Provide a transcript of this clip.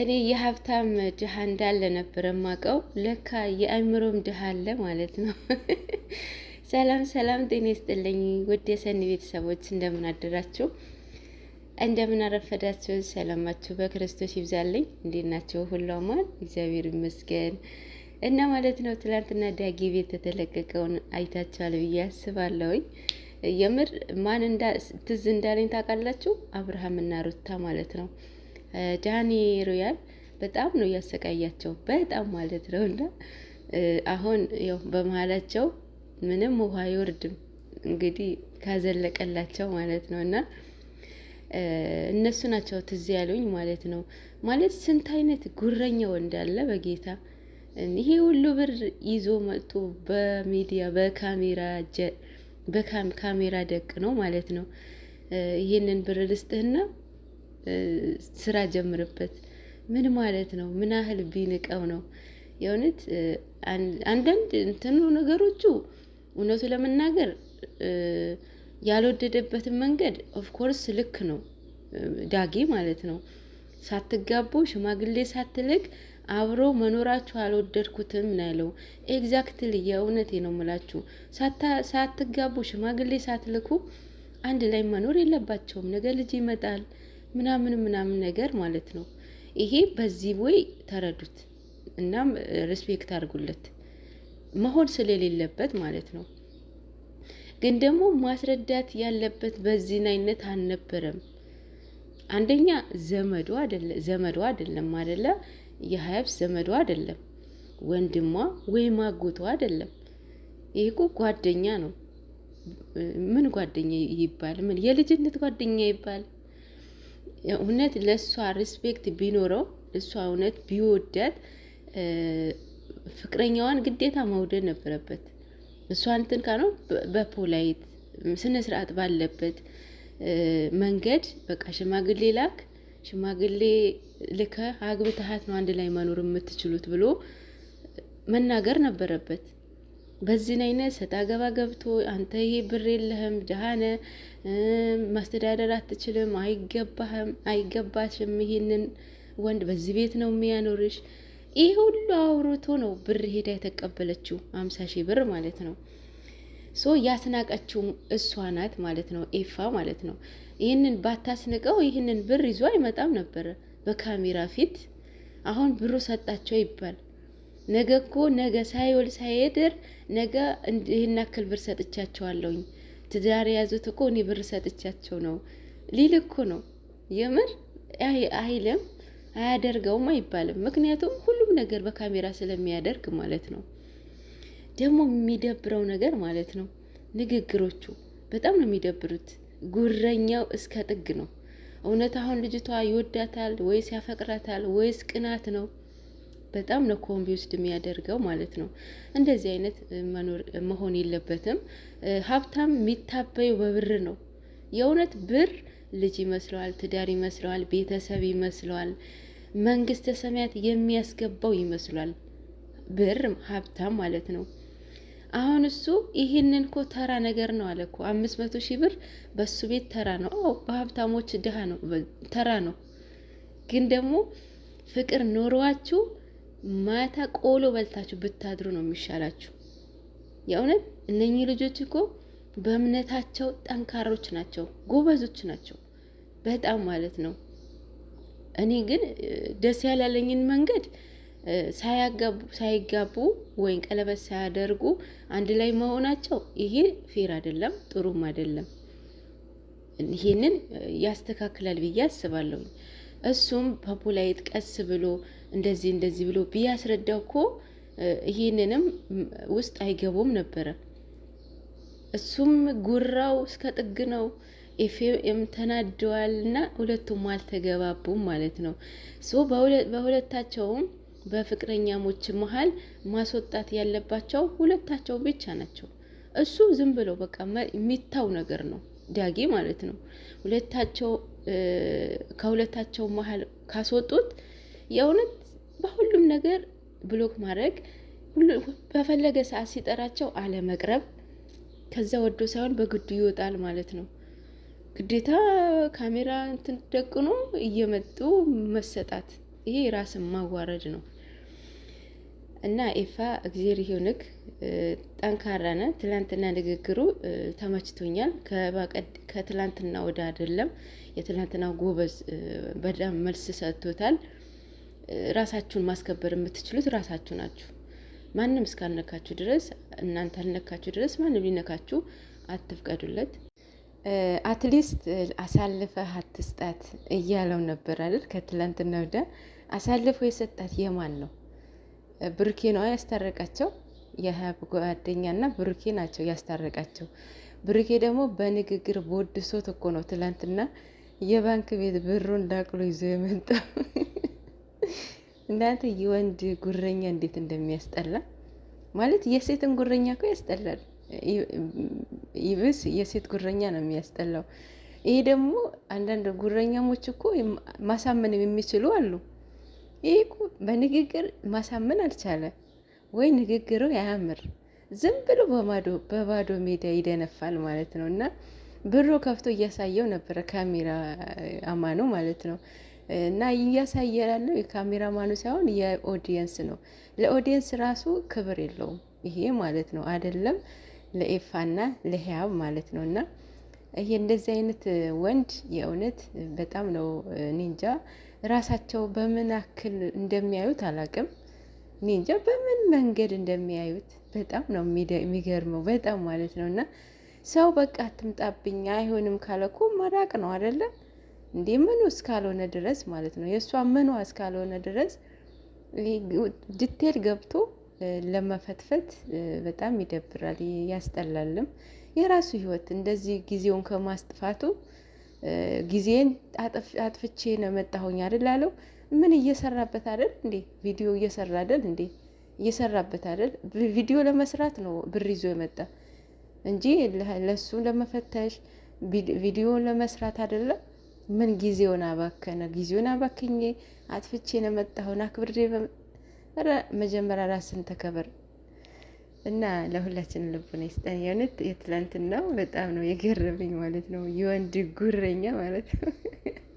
እኔ የሀብታም ድሃ እንዳለ ነበር የማውቀው። ለካ የአእምሮም ድሃ አለ ማለት ነው። ሰላም ሰላም፣ ጤና ይስጥልኝ ውድ የሰኒ ቤተሰቦች እንደምን አደራችሁ፣ እንደምን አረፈዳችሁ? ሰላማችሁ በክርስቶስ ይብዛልኝ። እንዴት ናቸው? ሁሉ እግዚአብሔር ይመስገን። እና ማለት ነው ትላንትና ዳጊ ቤት የተለቀቀውን አይታችኋል ብዬ አስባለሁኝ። የምር ማን ትዝ እንዳለኝ ታውቃላችሁ? አብርሃምና ሩታ ማለት ነው ዳኒ ሮያል በጣም ነው እያሰቃያቸው በጣም ማለት ነው። እና አሁን ያው በመሀላቸው ምንም ውሃ አይወርድም እንግዲህ ካዘለቀላቸው ማለት ነው። እና እነሱ ናቸው ትዝ ያሉኝ ማለት ነው። ማለት ስንት አይነት ጉረኛው እንዳለ በጌታ ይሄ ሁሉ ብር ይዞ መጡ። በሚዲያ በካሜራ በካሜራ ደቅ ነው ማለት ነው። ይህንን ብር ልስጥህና ስራ ጀምርበት። ምን ማለት ነው? ምን ያህል ቢንቀው ነው? የእውነት አንዳንድ እንትኑ ነገሮቹ እውነቱ ለመናገር ያልወደደበትን መንገድ ኦፍኮርስ ልክ ነው። ዳጊ ማለት ነው ሳትጋቡ ሽማግሌ ሳትልክ አብሮ መኖራችሁ አልወደድኩትም ነው ያለው። ኤግዛክትሊ የእውነቴ ነው የምላችሁ። ሳትጋቡ ሽማግሌ ሳትልኩ አንድ ላይ መኖር የለባቸውም። ነገ ልጅ ይመጣል። ምናምን ምናምን ነገር ማለት ነው። ይሄ በዚህ ወይ ተረዱት፣ እናም ሬስፔክት አድርጉለት መሆን ስለሌለበት ማለት ነው። ግን ደግሞ ማስረዳት ያለበት በዚህን አይነት አልነበረም። አንደኛ ዘመዱ አይደለም ዘመዱ አይደለም አይደለ የሀያብ ዘመዱ አይደለም ወንድሟ ወይም አጎቷ አይደለም። ይሄ እኮ ጓደኛ ነው። ምን ጓደኛ ይባል? ምን የልጅነት ጓደኛ ይባል? እውነት ለእሷ ሪስፔክት ቢኖረው እሷ እውነት ቢወደት ፍቅረኛዋን ግዴታ መውደድ ነበረበት። እሷ እንትን ካነው በፖላይት ስነ ስርዓት ባለበት መንገድ በቃ ሽማግሌ ላክ፣ ሽማግሌ ልከ አግብተሃት ነው አንድ ላይ መኖር የምትችሉት ብሎ መናገር ነበረበት። በዚህ አይነት ሰጣ ገባ ገብቶ አንተ ይሄ ብር የለህም ደሃነ ማስተዳደር አትችልም፣ አይገባህም፣ አይገባሽም፣ ይሄንን ወንድ በዚህ ቤት ነው የሚያኖርሽ። ይህ ሁሉ አውርቶ ነው ብር ሄዳ የተቀበለችው አምሳ ሺህ ብር ማለት ነው። ሶ ያስናቀችው እሷ ናት ማለት ነው፣ ኤፋ ማለት ነው። ይህንን ባታስንቀው ይህንን ብር ይዞ አይመጣም ነበረ በካሜራ ፊት። አሁን ብሩ ሰጣቸው ይባል ነገ እኮ ነገ ሳይውል ሳይድር ነገ ይህን ያክል ብር ሰጥቻቸዋለሁኝ ትዳር የያዙት እኮ እኔ ብር ሰጥቻቸው ነው ሊል እኮ ነው። የምር አይልም፣ አያደርገውም አይባልም። ምክንያቱም ሁሉም ነገር በካሜራ ስለሚያደርግ ማለት ነው። ደግሞ የሚደብረው ነገር ማለት ነው ንግግሮቹ በጣም ነው የሚደብሩት። ጉረኛው እስከ ጥግ ነው። እውነት አሁን ልጅቷ ይወዳታል ወይስ ያፈቅራታል ወይስ ቅናት ነው? በጣም ነው ኮንቪውስድ የሚያደርገው ማለት ነው። እንደዚህ አይነት መኖር መሆን የለበትም። ሀብታም የሚታበየው በብር ነው። የእውነት ብር ልጅ ይመስለዋል፣ ትዳር ይመስለዋል፣ ቤተሰብ ይመስለዋል፣ መንግስተ ሰማያት የሚያስገባው ይመስሏል። ብር ሀብታም ማለት ነው። አሁን እሱ ይህንን ኮ ተራ ነገር ነው አለ ኮ አምስት መቶ ሺህ ብር በሱ ቤት ተራ ነው። አዎ በሀብታሞች ድሃ ነው ተራ ነው። ግን ደግሞ ፍቅር ኖሯችሁ ማታ ቆሎ በልታችሁ ብታድሩ ነው የሚሻላችሁ። የእውነት እነኚህ ልጆች እኮ በእምነታቸው ጠንካሮች ናቸው፣ ጎበዞች ናቸው በጣም ማለት ነው። እኔ ግን ደስ ያላለኝን መንገድ ሳይጋቡ ወይም ቀለበት ሳያደርጉ አንድ ላይ መሆናቸው ይሄ ፌር አይደለም፣ ጥሩም አይደለም። ይሄንን ያስተካክላል ብዬ አስባለሁ። እሱም በፖላይት ቀስ ብሎ እንደዚህ እንደዚህ ብሎ ቢያስረዳው እኮ ይህንንም ውስጥ አይገቡም ነበረ። እሱም ጉራው እስከ ጥግ ነው። ኤፍኤም ተናደዋል እና ሁለቱም አልተገባቡም ማለት ነው። ሶ በሁለታቸውም በፍቅረኛሞች መሀል ማስወጣት ያለባቸው ሁለታቸው ብቻ ናቸው። እሱ ዝም ብሎ በቃ የሚታው ነገር ነው ዳጊ ማለት ነው። ሁለታቸው ከሁለታቸው መሀል ካስወጡት የእውነት በሁሉም ነገር ብሎክ ማድረግ፣ በፈለገ ሰዓት ሲጠራቸው አለመቅረብ፣ ከዛ ወዶ ሳይሆን በግዱ ይወጣል ማለት ነው። ግዴታ ካሜራ እንትን ደቅኖ እየመጡ መሰጣት፣ ይሄ ራስን ማዋረድ ነው። እና ኤፋ እግዜር ይሁንክ፣ ጠንካራ ትላንትና ንግግሩ ተመችቶኛል። ከትላንትና ወደ አይደለም የትላንትና ጎበዝ በጣም መልስ ሰጥቶታል። ራሳችሁን ማስከበር የምትችሉት ራሳችሁ ናችሁ። ማንም እስካልነካችሁ ድረስ እናንተ አልነካችሁ ድረስ ማንም ሊነካችሁ አትፍቀዱለት። አትሊስት አሳልፈህ አትስጣት እያለው ነበር አይደል? ከትላንትና ወዲያ አሳልፎ የሰጣት የማን ነው? ብሩኬ ነዋ ያስታረቃቸው። የሀብ ጓደኛ ጓደኛና ብሩኬ ናቸው ያስታረቃቸው። ብሩኬ ደግሞ በንግግር ቦድሶት እኮ ነው ትላንትና የባንክ ቤት ብሩን ዳቅሎ ይዞ የመጣው። እናንተ የወንድ ጉረኛ እንዴት እንደሚያስጠላ ማለት የሴትን ጉረኛ እኮ ያስጠላል። ይብስ የሴት ጉረኛ ነው የሚያስጠላው። ይሄ ደግሞ አንዳንድ ጉረኛሞች እኮ ማሳመን የሚችሉ አሉ። ይሄ እኮ በንግግር ማሳመን አልቻለ ወይ ንግግሩ አያምር፣ ዝም ብሎ በማዶ በባዶ ሜዳ ይደነፋል ማለት ነው። እና ብሮ ከፍቶ እያሳየው ነበረ ካሜራ አማኑ ማለት ነው። እና እያሳየ ያለው የካሜራማኑ ሳይሆን የኦዲየንስ ነው። ለኦዲየንስ ራሱ ክብር የለውም ይሄ ማለት ነው አይደለም ለኤፋና ለህያብ ማለት ነው። እና ይሄ እንደዚህ አይነት ወንድ የእውነት በጣም ነው ኒንጃ ራሳቸው በምን አክል እንደሚያዩት አላቅም። ኒንጃ በምን መንገድ እንደሚያዩት በጣም ነው የሚገርመው በጣም ማለት ነው። እና ሰው በቃ አትምጣብኝ አይሆንም ካለኮ መራቅ ነው አይደለም እንዴ ምኑ እስካልሆነ ድረስ ማለት ነው የእሷ ምኗ እስካልሆነ ድረስ ዲቴል ገብቶ ለመፈትፈት በጣም ይደብራል፣ ያስጠላልም። የራሱ ህይወት እንደዚህ ጊዜውን ከማስጥፋቱ ጊዜን አጥፍቼ ነው መጣሁኝ አይደል አለው። ምን እየሰራበት አይደል እንዴ? ቪዲዮ እየሰራ አይደል እንዴ? እየሰራበት አይደል? ቪዲዮ ለመስራት ነው ብር ይዞ የመጣ እንጂ ለሱ ለመፈተሽ ቪዲዮ ለመስራት አይደለም። ምን ጊዜውን አባከነ? ጊዜውን አባክኜ አጥፍቼ ነው መጣሁን አክብሬ ረ መጀመሪያ ራስን ተከበር እና ለሁላችን ልቡን ይስጠን። የእውነት የትላንትናው በጣም ነው የገረመኝ ማለት ነው የወንድ ጉረኛ ማለት ነው።